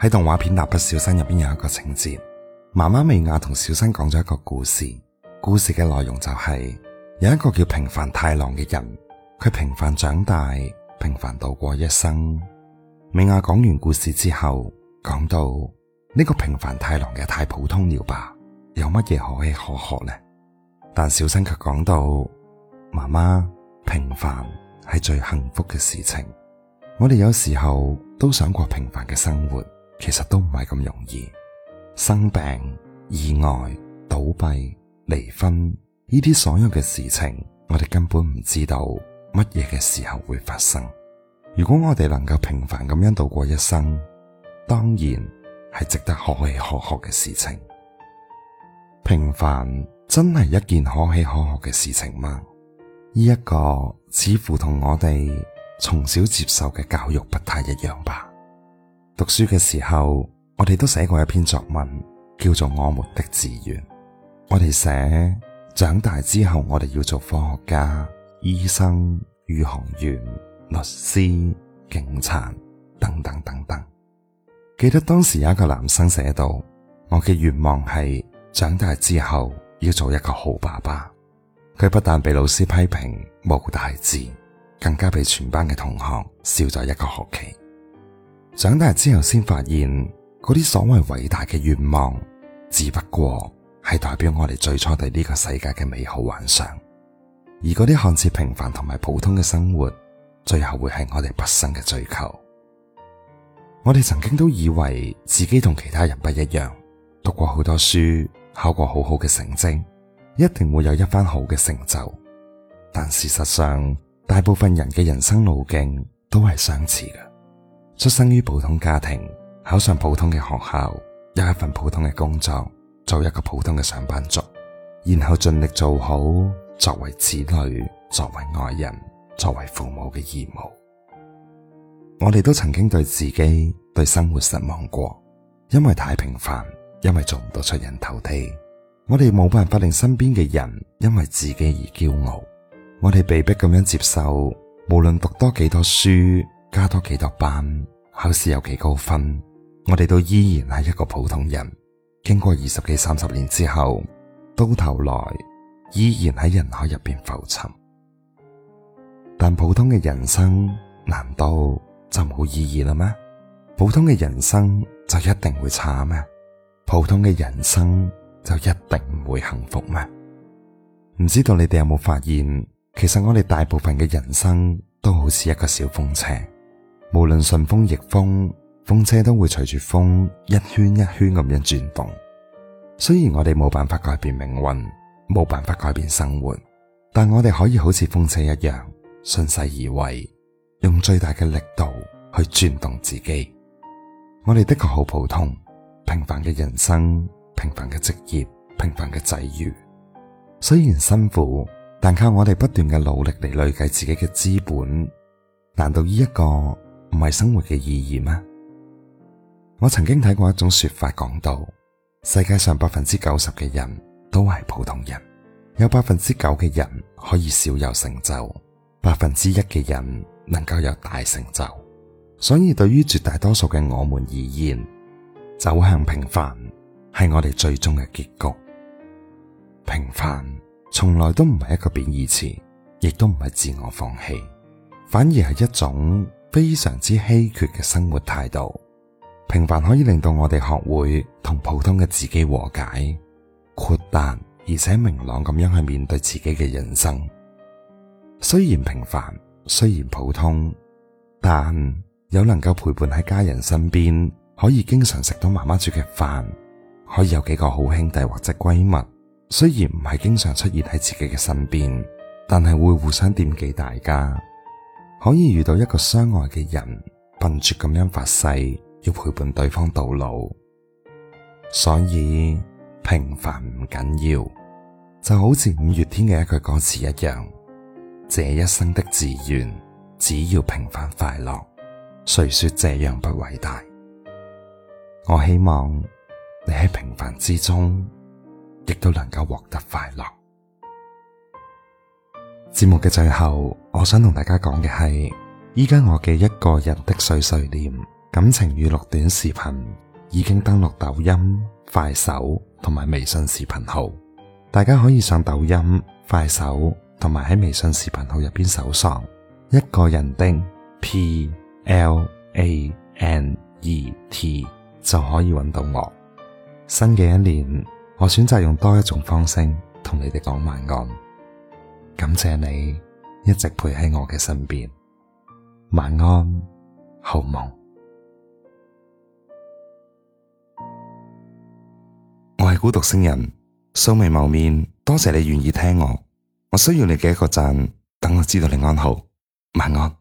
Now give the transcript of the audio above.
喺動畫片《蠟筆小新》入邊有一個情節，媽媽美亞同小新講咗一個故事。故事嘅內容就係、是、有一個叫平凡太郎嘅人，佢平凡長大，平凡度過一生。美亞講完故事之後，講到呢、這個平凡太郎嘅太普通了吧，有乜嘢可喜可賀呢？但小新卻講到，媽媽，平凡係最幸福嘅事情。我哋有時候都想過平凡嘅生活。其實都唔係咁容易，生病、意外、倒閉、離婚，呢啲所有嘅事情，我哋根本唔知道乜嘢嘅時候會發生。如果我哋能夠平凡咁樣度過一生，當然係值得可喜可賀嘅事情。平凡真係一件可喜可賀嘅事情嗎？呢一個似乎同我哋從小接受嘅教育不太一樣吧。讀書嘅時候，我哋都寫過一篇作文，叫做《我們的志願》。我哋寫長大之後，我哋要做科學家、醫生、宇航員、律師、警察等等等等。記得當時有一個男生寫到，我嘅願望係長大之後要做一個好爸爸。佢不但被老師批評無大志，更加被全班嘅同學笑咗一個學期。長大之後，先發現嗰啲所謂偉大嘅願望，只不過係代表我哋最初對呢個世界嘅美好幻想；而嗰啲看似平凡同埋普通嘅生活，最後會係我哋畢生嘅追求。我哋曾經都以為自己同其他人不一樣，讀過好多書，考過好好嘅成績，一定會有一番好嘅成就。但事實上，大部分人嘅人生路徑都係相似嘅。出生於普通家庭，考上普通嘅學校，有一份普通嘅工作，做一個普通嘅上班族，然後盡力做好作為子女、作為愛人、作為父母嘅義務。我哋都曾經對自己、對生活失望過，因為太平凡，因為做唔到出人頭地。我哋冇辦法令身邊嘅人因為自己而驕傲，我哋被迫咁樣接受，無論讀多幾多書，加多幾多班，考試有幾高分，我哋都依然係一個普通人。經過二十幾、三十年之後，到頭來依然喺人海入面浮沉。但普通嘅人生難道就冇意義啦咩？普通嘅人生就一定會差咩？普通嘅人生就一定唔會幸福咩？唔知道你哋有冇發現，其實我哋大部分嘅人生都好似一個小風車。無論順風逆風，風車都會隨住風一圈一圈咁樣轉動。雖然我哋冇辦法改變命運，冇辦法改變生活，但我哋可以好似風車一樣順勢而為，用最大嘅力度去轉動自己。我哋的確好普通，平凡嘅人生，平凡嘅職業，平凡嘅際遇。雖然辛苦，但靠我哋不斷嘅努力嚟累計自己嘅資本。難道呢一個唔係生活嘅意義咩？我曾經睇過一種說法說，講到世界上百分之九十嘅人都係普通人，有百分之九嘅人可以少有成就，百分之一嘅人能夠有大成就。所以對於絕大多數嘅我們而言，走向平凡係我哋最終嘅結局。平凡從來都唔係一個貶義詞，亦都唔係自我放棄，反而係一種。非常之稀缺嘅生活態度，平凡可以令到我哋學會同普通嘅自己和解，豁達而且明朗咁樣去面對自己嘅人生。雖然平凡，雖然普通，但有能夠陪伴喺家人身邊，可以經常食到媽媽煮嘅飯，可以有幾個好兄弟或者閨蜜。雖然唔係經常出現喺自己嘅身邊，但係會互相惦記大家。可以遇到一個相愛嘅人，笨拙咁樣發誓要陪伴對方到老，所以平凡唔緊要，就好似五月天嘅一句歌詞一樣，這一生的志願只要平凡快樂，誰說這樣不偉大？我希望你喺平凡之中，亦都能夠獲得快樂。節目嘅最後，我想同大家講嘅係，依家我嘅一個人的碎碎念感情語錄短視頻已經登錄抖音、快手同埋微信視頻號，大家可以上抖音、快手同埋喺微信視頻號入邊搜索一個人的 P L A N E T 就可以揾到我。新嘅一年，我選擇用多一種方式同你哋講晚安。感謝你一直陪喺我嘅身邊，晚安，好夢。我係孤獨星人，素未謀面，多謝你願意聽我。我需要你嘅一個讚，等我知道你安好。晚安。